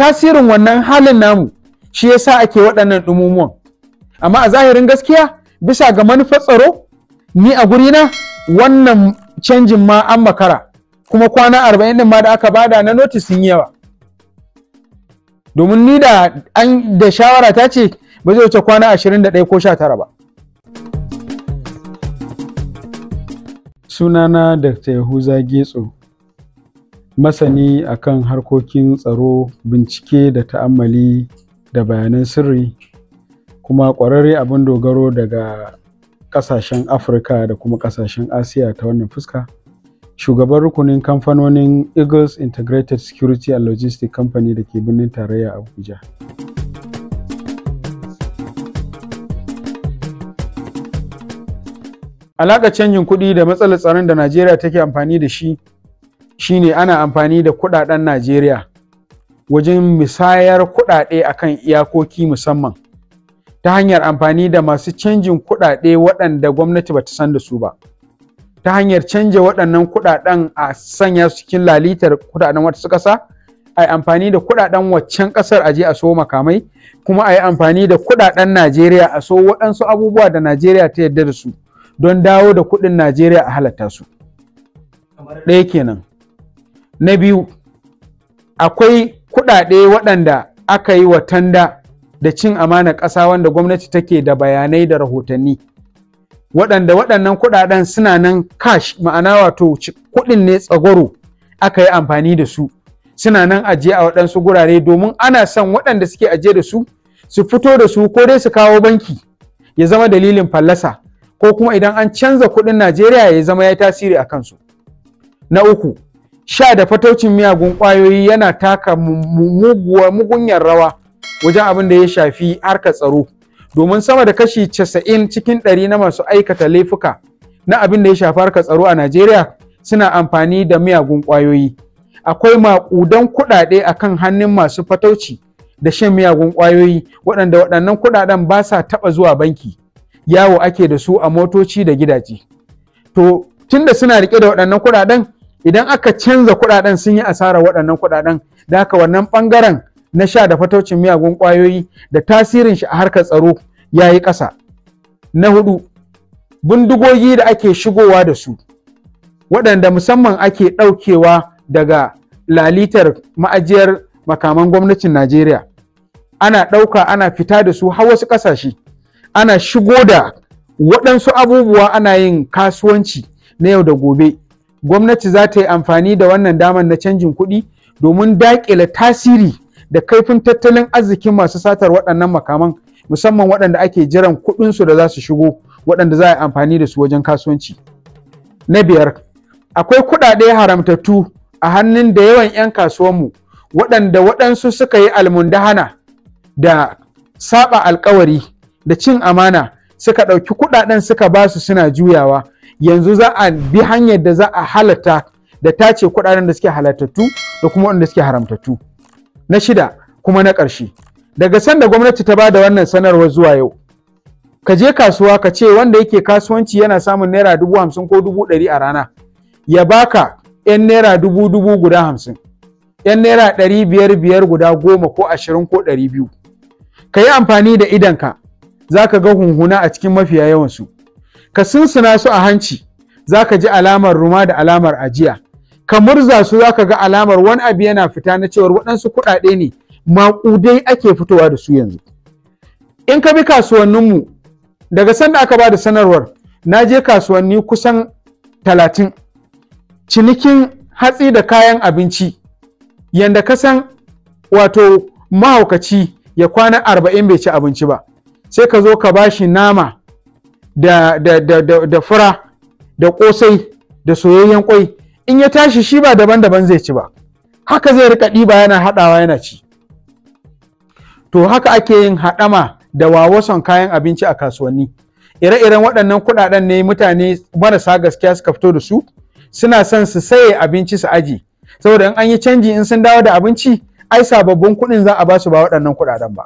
tasirin wannan halin namu shi yasa ake waɗannan ɗumumuwan amma a zahirin gaskiya bisa ga manufar tsaro ni a gurina wannan canjin ma an makara kuma kwana arba'in din ma da aka bada na notis sun yawa domin ni da an da shawara ta ce ba zai wuce kwana 21 ko 19 ba sunana dr yahuza getso masani a kan harkokin tsaro bincike da ta'ammali da bayanan sirri kuma ƙwararre abin dogaro daga ƙasashen afirka da kuma ƙasashen asiya ta wannan fuska shugaban rukunin kamfanonin eagles integrated security and logistics company da ke birnin tarayya abuja alaƙa canjin kuɗi da matsalar tsaron da najeriya take amfani da shi shine ana amfani da kudaden Najeriya wajen misayar kudade akan iyakoki musamman ta hanyar amfani da masu canjin kudade waɗanda gwamnati bata san da su ba ta hanyar canja waɗannan kudaden a sanya su cikin lalitar kudaden wata ƙasa a amfani da kudaden waccan ƙasar aje a so makamai kuma a yi amfani da kudaden Najeriya a so waɗansu abubuwa da Najeriya ta yarda da su don dawo da kuɗin Najeriya a halatta su ɗaya kenan na biyu akwai kuɗaɗe waɗanda aka yi wa tanda da cin amana ƙasa wanda gwamnati take da bayanai da rahotanni waɗanda waɗannan kuɗaɗen suna nan cash ma'ana wato kuɗin ne tsagoro aka yi amfani da su suna nan ajiye a waɗansu gurare domin ana son waɗanda suke ajiye da su su fito da su ko dai su kawo banki ya zama dalilin fallasa ko kuma idan an canza kuɗin najeriya ya zama ya tasiri a kansu na uku sha da fataucin miyagun kwayoyi yana taka mugunyar rawa wajen abin da ya shafi harkar tsaro domin sama da kashi 90 cikin ɗari na masu aikata laifuka na abin da ya shafi harkar tsaro a Najeriya suna amfani da miyagun kwayoyi akwai maƙudan kuɗaɗe a kan hannun masu fatauci da shan miyagun kwayoyi waɗanda waɗannan kuɗaɗen ba sa taɓa zuwa banki yawo ake da su a motoci da gidaje to tunda suna riƙe da waɗannan kuɗaɗen idan aka canza kuɗaɗen sun yi asara waɗannan kuɗaɗen da haka wannan ɓangaren na sha da fataucin miyagun ƙwayoyi da tasirin shi a harkar tsaro ya yi ƙasa na hudu bindigogi da ake shigowa da su waɗanda musamman ake ɗaukewa daga lalitar ma'ajiyar makaman gwamnatin najeriya ana ɗauka ana fita da su har wasu ƙasashe ana shigo da waɗansu abubuwa ana yin kasuwanci na yau da gobe gwamnati za ta yi amfani da wannan damar na canjin kuɗi domin daƙile tasiri da kaifin tattalin arzikin masu satar waɗannan makaman musamman waɗanda ake jiran kuɗinsu da za su shigo waɗanda za a yi amfani da su wajen kasuwanci. Na biyar, akwai kuɗaɗe haramtattu a hannun da yawan 'yan kasuwanmu waɗanda waɗansu suka yi almundahana da saba alkawari da cin amana suka ɗauki kuɗaɗen suka ba su suna juyawa yanzu za a bi hanyar da za a halatta da tace kuɗaɗen da suke halattattu da kuma wadanda suke haramtattu na shida kuma na ƙarshe daga sanda gwamnati ta ba da wannan sanarwar zuwa yau ka je kasuwa ka ce wanda yake kasuwanci yana samun naira dubu hamsin ko dubu ɗari a rana ya baka 'yan naira dubu dubu guda hamsin 'yan naira ɗari biyar biyar guda goma ko ashirin ko ɗari biyu ka yi amfani da idanka za ka ga hunhuna a cikin mafiya yawansu ka sunsuna su a hanci za ka ji alamar ruma da alamar ajiya ka murza su za ka ga alamar wani abu yana fita na cewar waɗansu kuɗaɗe ne maƙudai ake fitowa da su yanzu in ka bi kasuwanninmu daga sanda aka ba da sanarwar na je kasuwanni kusan talatin cinikin hatsi da kayan abinci yanda ka san wato mahaukaci ya kwana arba'in bai ci abinci ba sai ka zo ka ba shi nama da da da da, da fura da kosai da soyayyen kwai in ya tashi shi ba daban-daban zai ci ba haka zai rika ɗiba yana haɗawa yana ci to haka ake yin haɗama da wawason kayan abinci a kasuwanni ire-iren waɗannan kuɗaɗen ne mutane marasa gaskiya suka fito da su suna son su saye abinci su aji saboda in an yi canji in sun dawo da abinci ai sababbin kuɗin za a ba su ba waɗannan kuɗaɗen ba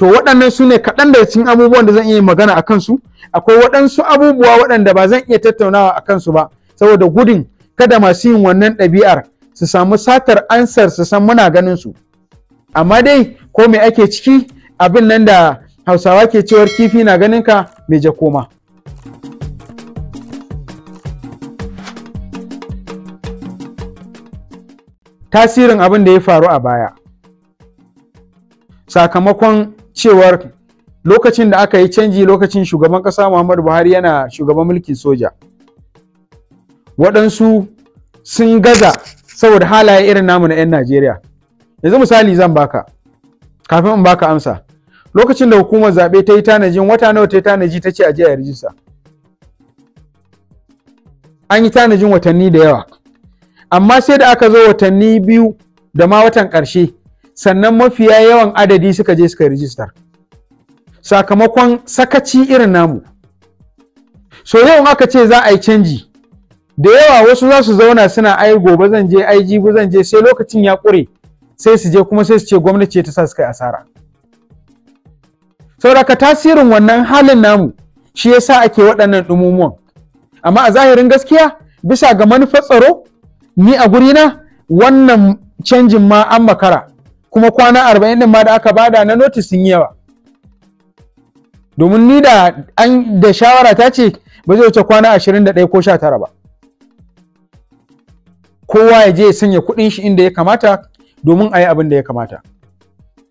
to waɗannan su ne kaɗan da cikin abubuwan da zan iya magana a kansu akwai waɗansu abubuwa waɗanda ba zan iya tattaunawa a kansu ba saboda gudun kada masu yin wannan ɗabi'ar su samu satar ansar su san muna ganin su amma dai ko me ake ciki abin nan da hausawa ke cewar kifi na ganin ka mai jakoma. tasirin abin da ya faru a baya sakamakon cewar lokacin da aka yi canji lokacin shugaban ƙasa Muhammadu Buhari yana shugaban mulkin soja. Waɗansu sun gaza saboda halaye irin namu na 'yan Najeriya. Yanzu misali zan baka, kafin in baka amsa. Lokacin da hukumar zaɓe ta yi tanajin wata nawa ta yi tanaji ta ce a a rijista. An yi tanajin watanni da yawa. Amma sai da aka zo watanni biyu da ma watan ƙarshe sannan mafiya yawan adadi suka je suka rijistar sakamakon sakaci irin namu so yau aka ce za a yi canji da yawa wasu za su zauna suna ai gobe zan je ai jibi zan je sai lokacin ya ƙure sai su je kuma sai su ce gwamnati ta sa su kai asara saboda tasirin wannan halin namu shi ya yasa ake waɗannan ɗumumuwan amma a zahirin gaskiya bisa ga manufar tsaro ni a gurina wannan canjin ma an makara kuma kwana arba'in din ma da aka bada na notice sun yi yawa domin ni da an da shawara ta ce ba zai wuce kwana ashirin da ɗaya ko sha tara ba kowa ya je ya sanya kuɗin shi inda ya kamata domin a yi abin da ya kamata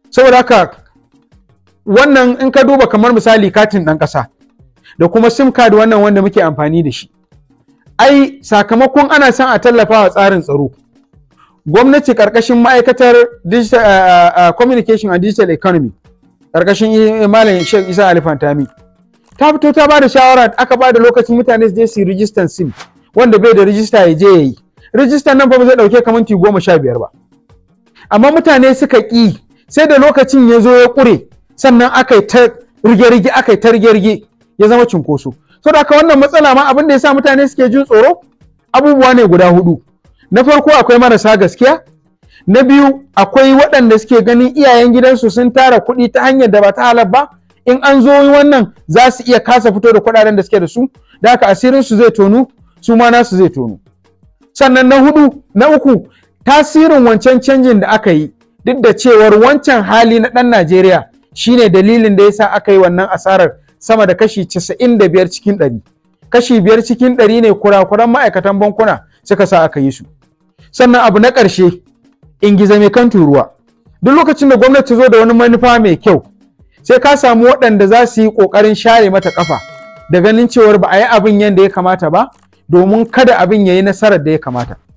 saboda haka wannan in ka duba kamar misali katin ɗan ƙasa da kuma sim card wannan wanda muke amfani da shi ai sakamakon ana son a tallafa wa tsarin tsaro gwamnati karkashin ma'aikatar eh, eh, eh, communication and digital economy karkashin malam shan Isa Ali Fantami ta fito ta bada shawara aka bada lokacin mutane su je su rijistan sim wanda bai da rijista ya je yayi rijistan nan ba zai dauke kamar ti goma sha biyar ba amma mutane suka ki sai da lokacin ya zo ya kure sannan aka yi ta rige-rige aka yi ta rige-rige ya zama cunkoso. saboda haka wannan matsala ma abin da ya sa mutane suke jin tsoro abubuwa ne guda hudu na farko akwai marasa gaskiya na biyu akwai waɗanda suke ganin iyayen gidansu sun tara kuɗi ta hanyar da ba ta halar ba in an zo wannan za su iya kasa fito da kuɗaɗen da suke da su da haka asirin su zai tonu su ma nasu zai tonu sannan na hudu na uku tasirin wancan canjin da aka yi duk da cewar wancan hali na ɗan Najeriya shine dalilin da yasa aka yi wannan asarar sama da kashi 95 cikin 100 kashi biyar cikin ɗari ne kurakuran ma'aikatan bankuna suka sa aka yi su sannan abu na ƙarshe in gizo mai kan turuwa duk lokacin da gwamnati zo da wani manufa mai kyau sai ka samu waɗanda za su yi ƙoƙarin share mata ƙafa da ganin cewar ba a yi abin yadda ya kamata ba domin kada abin ya yi nasarar da ya kamata